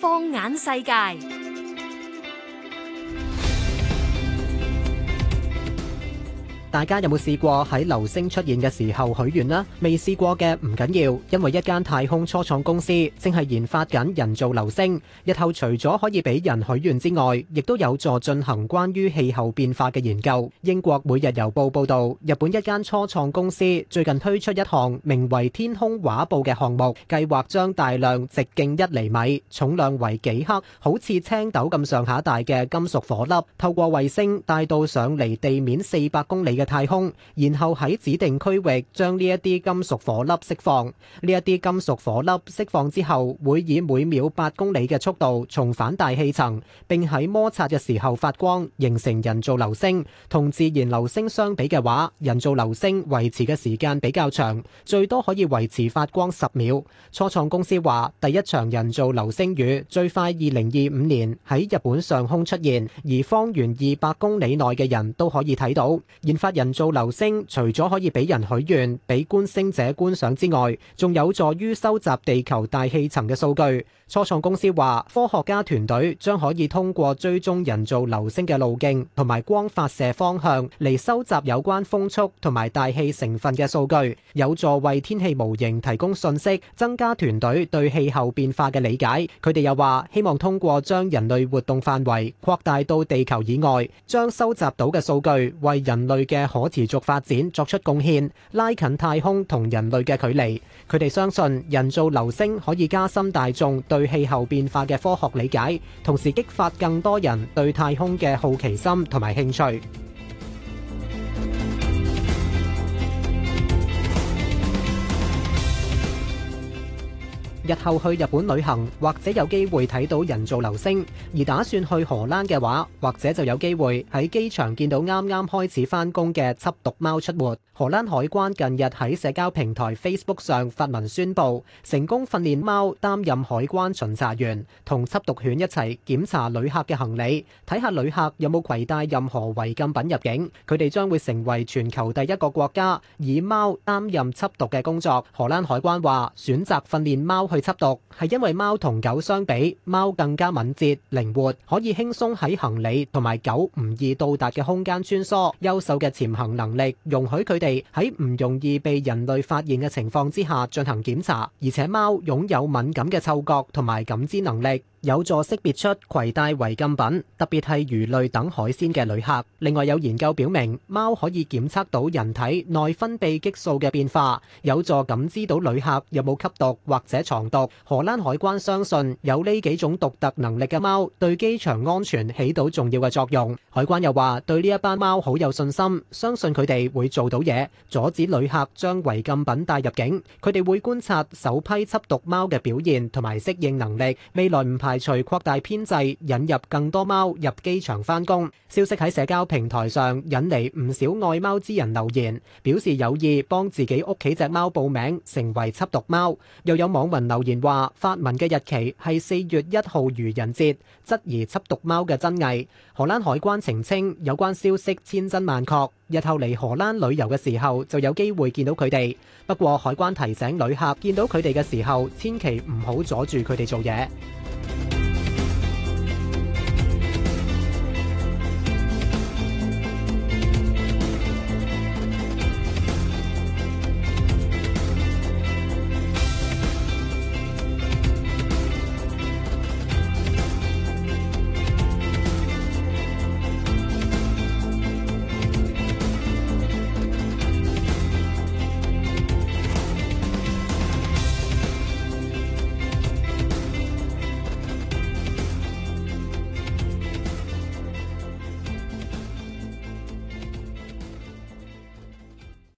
放眼世界。大家有冇試過喺流星出現嘅時候許願呢？未試過嘅唔緊要，因為一間太空初創公司正係研發緊人造流星，日後除咗可以俾人許願之外，亦都有助進行關於氣候變化嘅研究。英國每日郵報報道，日本一間初創公司最近推出一項名為《天空畫布》嘅項目，計劃將大量直徑一厘米、重量為幾克、好似青豆咁上下大嘅金屬火粒，透過衛星帶到上離地面四百公里嘅。太空，然後喺指定區域將呢一啲金屬火粒釋放。呢一啲金屬火粒釋放之後，會以每秒八公里嘅速度重返大氣層，並喺摩擦嘅時候發光，形成人造流星。同自然流星相比嘅話，人造流星維持嘅時間比較長，最多可以維持發光十秒。初創公司話，第一場人造流星雨最快二零二五年喺日本上空出現，而方圓二百公里內嘅人都可以睇到。研發。人造流星，除咗可以俾人許願、俾觀星者觀賞之外，仲有助於收集地球大氣層嘅數據。初創公司話，科學家團隊將可以通過追蹤人造流星嘅路徑同埋光發射方向嚟收集有關風速同埋大氣成分嘅數據，有助為天氣模型提供信息，增加團隊對氣候變化嘅理解。佢哋又話，希望通過將人類活動範圍擴大到地球以外，將收集到嘅數據為人類嘅可持續發展作出貢獻，拉近太空同人類嘅距離。佢哋相信人造流星可以加深大眾對氣候變化嘅科學理解，同時激發更多人對太空嘅好奇心同埋興趣。日後去日本旅行或者有機會睇到人造流星，而打算去荷蘭嘅話，或者就有機會喺機場見到啱啱開始翻工嘅緝毒貓出沒。荷蘭海關近日喺社交平台 Facebook 上發文宣布，成功訓練貓擔任海關巡查員，同緝毒犬一齊檢查旅客嘅行李，睇下旅客有冇攜帶任何違禁品入境。佢哋將會成為全球第一個國家以貓擔任緝毒嘅工作。荷蘭海關話，選擇訓練貓去，緝毒係因為貓同狗相比，貓更加敏捷靈活，可以輕鬆喺行李同埋狗唔易到達嘅空間穿梭。優秀嘅潛行能力容許佢哋喺唔容易被人類發現嘅情況之下進行檢查。而且貓擁有敏感嘅嗅覺同埋感知能力，有助識別出攜帶違禁品，特別係魚類等海鮮嘅旅客。另外有研究表明，貓可以檢測到人體內分泌激素嘅變化，有助感知到旅客有冇吸毒或者藏毒。荷蘭海關相信有呢幾種獨特能力嘅貓對機場安全起到重要嘅作用。海關又話對呢一班貓好有信心，相信佢哋會做到嘢，阻止旅客將違禁品帶入境。佢哋會觀察首批緝毒貓嘅表現同埋適應能力，未來唔排除擴大編制，引入更多貓入機場翻工。消息喺社交平台上引嚟唔少愛貓之人留言，表示有意幫自己屋企隻貓報名，成為緝毒貓，又有網民。留言話發文嘅日期係四月一號愚人節，質疑緝毒貓嘅真偽。荷蘭海關澄清有關消息千真萬確，日後嚟荷蘭旅遊嘅時候就有機會見到佢哋。不過海關提醒旅客見到佢哋嘅時候，千祈唔好阻住佢哋做嘢。